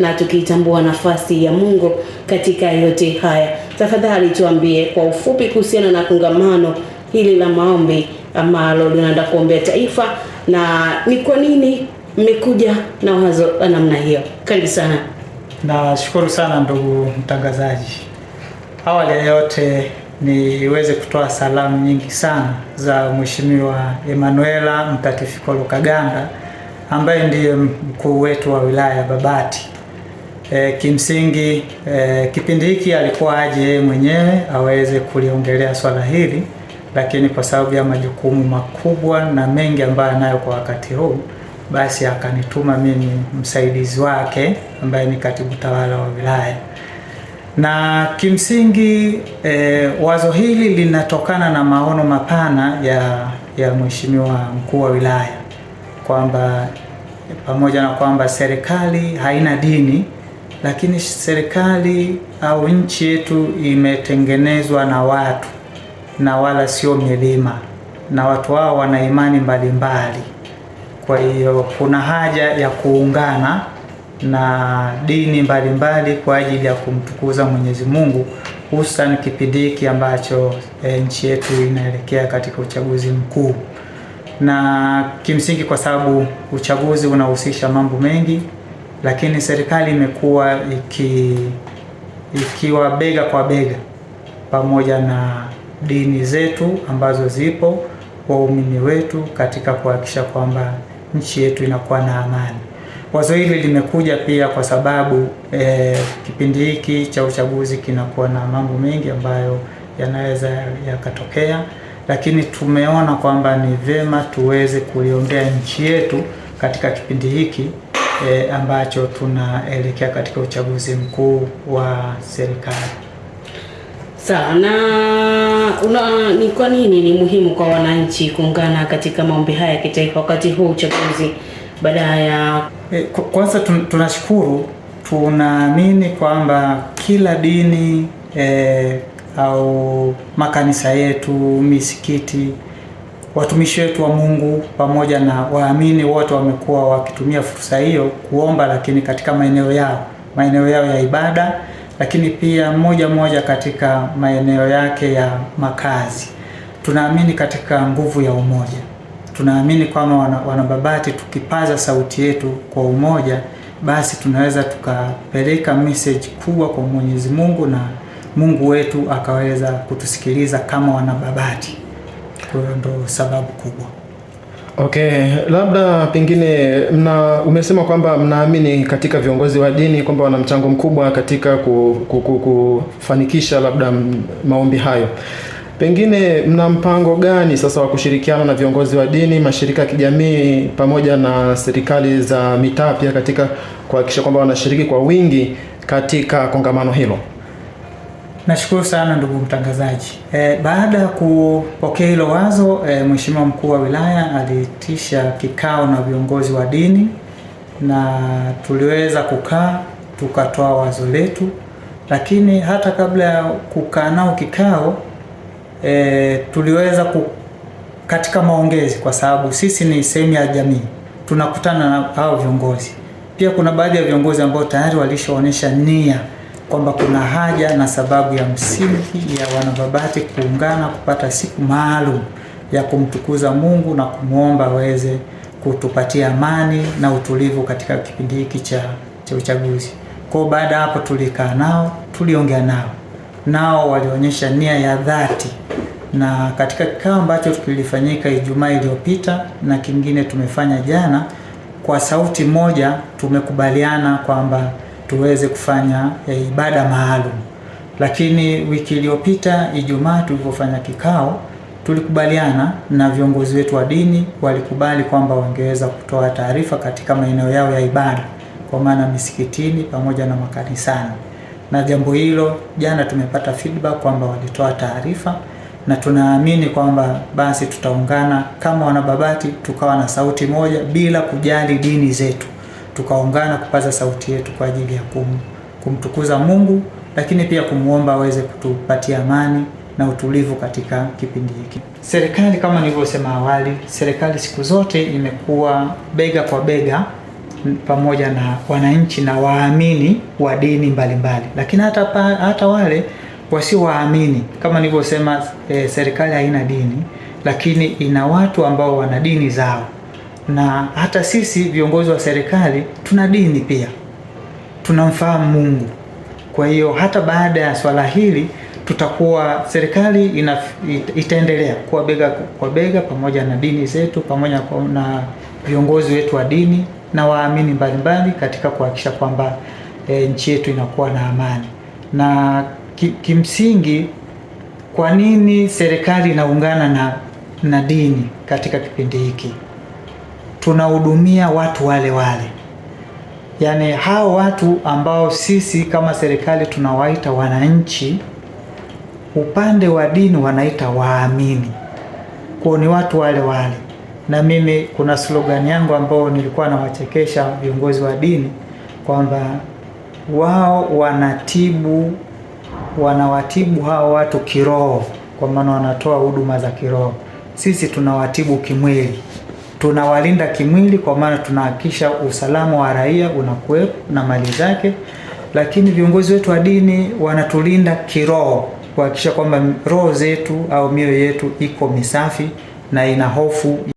na tukiitambua nafasi ya Mungu katika yote haya. Tafadhali tuambie kwa ufupi kuhusiana na kongamano hili la maombi ambalo linaenda kuombea taifa na ni kwa nini mmekuja na wazo la namna hiyo. Karibu sana. Nashukuru sana ndugu mtangazaji. Awali ya yote niweze kutoa salamu nyingi sana za Mheshimiwa Emanuela Mtakatifu kaganda ambaye ndiye mkuu wetu wa wilaya ya Babati. E, kimsingi e, kipindi hiki alikuwa aje mwenyewe aweze kuliongelea swala hili, lakini kwa sababu ya majukumu makubwa na mengi ambayo anayo kwa wakati huu, basi akanituma mimi msaidizi wake ambaye ni katibu tawala wa wilaya. Na kimsingi e, wazo hili linatokana na maono mapana ya, ya mheshimiwa mkuu wa wilaya kwamba pamoja na kwamba serikali haina dini lakini serikali au nchi yetu imetengenezwa na watu na wala sio milima, na watu hao wana imani mbalimbali. Kwa hiyo kuna haja ya kuungana na dini mbalimbali kwa ajili ya kumtukuza Mwenyezi Mungu, hususan kipindi hiki ambacho e, nchi yetu inaelekea katika uchaguzi mkuu, na kimsingi kwa sababu uchaguzi unahusisha mambo mengi lakini serikali imekuwa iki ikiwa bega kwa bega pamoja na dini zetu ambazo zipo, waumini wetu katika kuhakikisha kwamba nchi yetu inakuwa na amani. Wazo hili limekuja pia kwa sababu e, kipindi hiki cha uchaguzi kinakuwa na mambo mengi ambayo yanaweza yakatokea, lakini tumeona kwamba ni vema tuweze kuliombea nchi yetu katika kipindi hiki e, ambacho tunaelekea katika uchaguzi mkuu wa serikali. Sawa. Na ni kwa nini ni muhimu kwa wananchi kuungana katika maombi haya ya kitaifa wakati huu uchaguzi baada ya e, kwanza tunashukuru, tunaamini kwamba kila dini e, au makanisa yetu, misikiti Watumishi wetu wa Mungu pamoja na waamini wote wamekuwa wakitumia fursa hiyo kuomba, lakini katika maeneo yao maeneo yao ya ibada, lakini pia moja moja katika maeneo yake ya makazi. Tunaamini katika nguvu ya umoja. Tunaamini kwamba Wanababati, tukipaza sauti yetu kwa umoja, basi tunaweza tukapeleka message kubwa kwa Mwenyezi Mungu na Mungu wetu akaweza kutusikiliza kama Wanababati. Kwa hiyo ndo sababu kubwa. Okay, labda pengine mna, umesema kwamba mnaamini katika viongozi wa dini kwamba wana mchango mkubwa katika kufanikisha ku, ku, labda maombi hayo. Pengine mna mpango gani sasa wa kushirikiana na viongozi wa dini, mashirika ya kijamii pamoja na serikali za mitaa pia katika kuhakikisha kwamba wanashiriki kwa wingi katika kongamano hilo? Nashukuru sana ndugu mtangazaji. E, baada ya kupokea hilo wazo e, Mheshimiwa mkuu wa wilaya aliitisha kikao na viongozi wa dini na tuliweza kukaa tukatoa wazo letu, lakini hata kabla ya kukaa nao kikao e, tuliweza ku, katika maongezi, kwa sababu sisi ni sehemu ya jamii, tunakutana na hao viongozi. Pia kuna baadhi ya viongozi ambao tayari walishaonyesha nia kwamba kuna haja na sababu ya msingi ya wanaBabati kuungana kupata siku maalum ya kumtukuza Mungu na kumwomba aweze kutupatia amani na utulivu katika kipindi hiki cha, cha uchaguzi. Kwa baada hapo tulikaa nao, tuliongea nao, nao walionyesha nia ya dhati, na katika kikao ambacho kilifanyika Ijumaa iliyopita na kingine tumefanya jana, kwa sauti moja tumekubaliana kwamba tuweze kufanya e, ibada maalum. Lakini wiki iliyopita Ijumaa tulivyofanya kikao, tulikubaliana na viongozi wetu wa dini walikubali kwamba wangeweza kutoa taarifa katika maeneo yao ya ibada, kwa maana misikitini pamoja na makanisani. Na jambo hilo jana tumepata feedback kwamba walitoa taarifa na tunaamini kwamba basi tutaungana kama Wanababati tukawa na sauti moja bila kujali dini zetu tukaungana kupaza sauti yetu kwa ajili ya kum, kumtukuza Mungu, lakini pia kumwomba aweze kutupatia amani na utulivu katika kipindi hiki. Serikali kama nilivyosema awali, serikali siku zote imekuwa bega kwa bega pamoja na wananchi na waamini wa dini mbalimbali, lakini hata, hata wale wasio waamini kama nilivyosema, e, serikali haina dini, lakini ina watu ambao wana dini zao na hata sisi viongozi wa serikali tuna dini pia, tunamfahamu Mungu. Kwa hiyo hata baada ya swala hili tutakuwa serikali ina, itaendelea kuwa bega kwa bega pamoja na dini zetu pamoja na viongozi wetu wa dini na waamini mbalimbali katika kuhakikisha kwamba e, nchi yetu inakuwa na amani. Na ki, kimsingi kwa nini serikali inaungana na, na dini katika kipindi hiki? tunahudumia watu wale wale, yaani hao watu ambao sisi kama serikali tunawaita wananchi, upande wa dini wanaita waamini, kwa ni watu wale wale. Na mimi kuna slogan yangu ambao nilikuwa nawachekesha viongozi wa dini kwamba wao wanatibu wanawatibu hao watu kiroho, kwa maana wanatoa huduma za kiroho, sisi tunawatibu kimwili tunawalinda kimwili, kwa maana tunahakikisha usalama wa raia unakuwepo na mali zake, lakini viongozi wetu wa dini wanatulinda kiroho, kuhakikisha kwamba roho zetu au mioyo yetu iko misafi na ina hofu